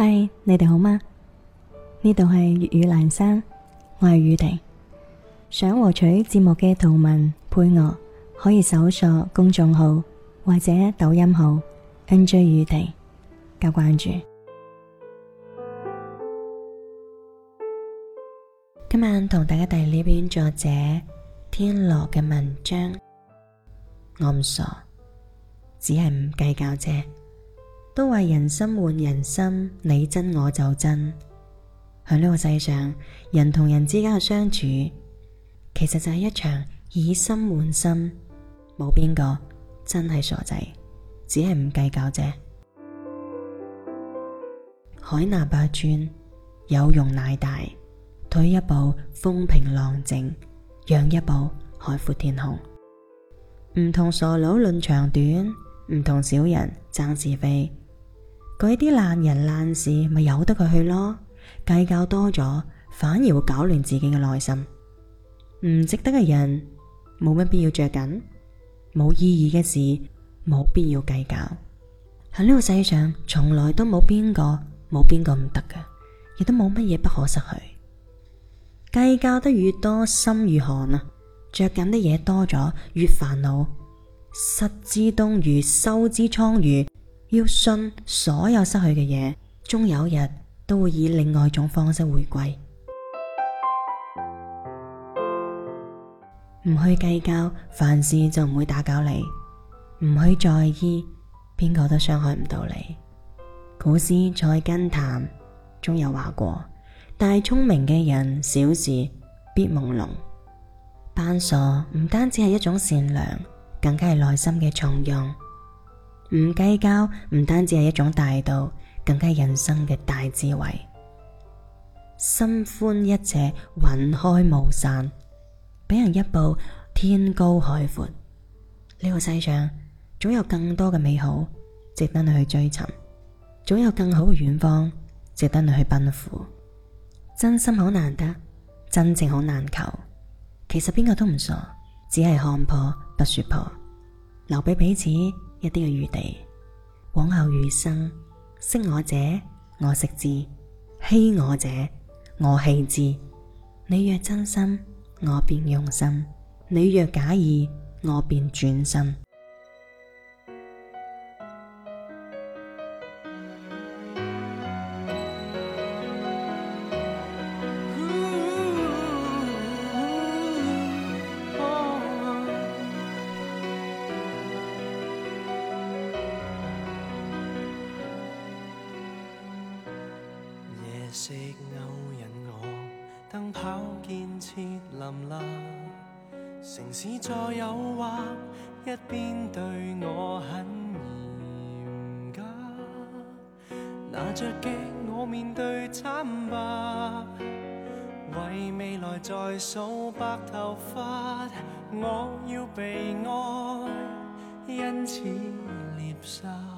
嗨，Hi, 你哋好嗎？呢度係粵語蘭山，我係宇婷。想獲取節目嘅圖文配樂，可以搜索公眾號或者抖音號 NJ 宇婷加關注。今晚同大家帶嚟呢篇作者天樂嘅文章。我唔傻，只係唔計較啫。都話人心換人心，你真我就真。喺呢個世上，人同人之間嘅相處，其實就係一場以心換心。冇邊個真係傻仔，只係唔計較啫。海納百川，有容乃大。退一步，風平浪靜；讓一步，海闊天空。唔同傻佬論長短，唔同小人爭是非。嗰啲爛人爛事，咪由得佢去咯。計較多咗，反而會搞亂自己嘅內心。唔值得嘅人，冇乜必要着緊；冇意義嘅事，冇必要計較。喺呢個世上，從來都冇邊個冇邊個唔得嘅，亦都冇乜嘢不可失去。計較得越多，心越寒啊！着緊嘅嘢多咗，越煩惱。失之東隅，收之桑榆。要信所有失去嘅嘢，終有一日都會以另外一種方式回歸。唔 去計較，凡事就唔會打攪你；唔去在意，邊個都傷害唔到你。古詩《菜根譚》中有話過：大聰明嘅人，小事必朦朧。扮傻唔單止係一種善良，更加係內心嘅從容。唔計較唔單止係一種大度，更加係人生嘅大智慧。心寬一尺，雲開霧散，俾人一步，天高海闊。呢、這個世上總有更多嘅美好，值得你去追尋，總有更好嘅遠方，值得你去奔赴。真心好難得，真情好難求。其實邊個都唔傻，只係看破不說破，留俾彼此一啲嘅餘地，往後餘生，惜我者我惜之，欺我者我棄之。你若真心，我便用心；你若假意，我便轉身。夕勾引我，燈泡建設林立，城市再誘惑，一邊對我很嚴格。拿着鏡，我面對慘白，為未來在數白頭髮。我要被愛，因此獵殺。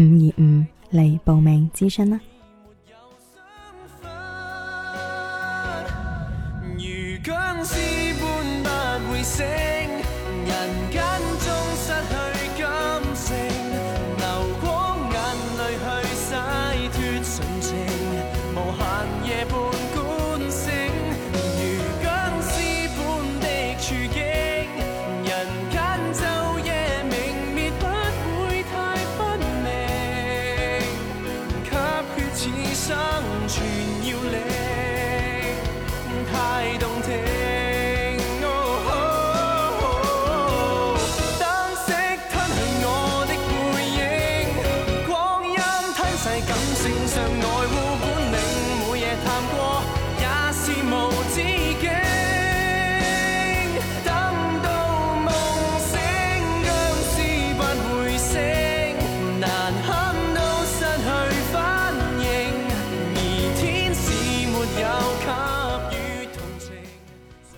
五二五嚟報名諮詢啦！ 全要你太動聽，oh, oh, oh, oh. 燈色吞去我的背影，光陰吞噬感性，尚愛。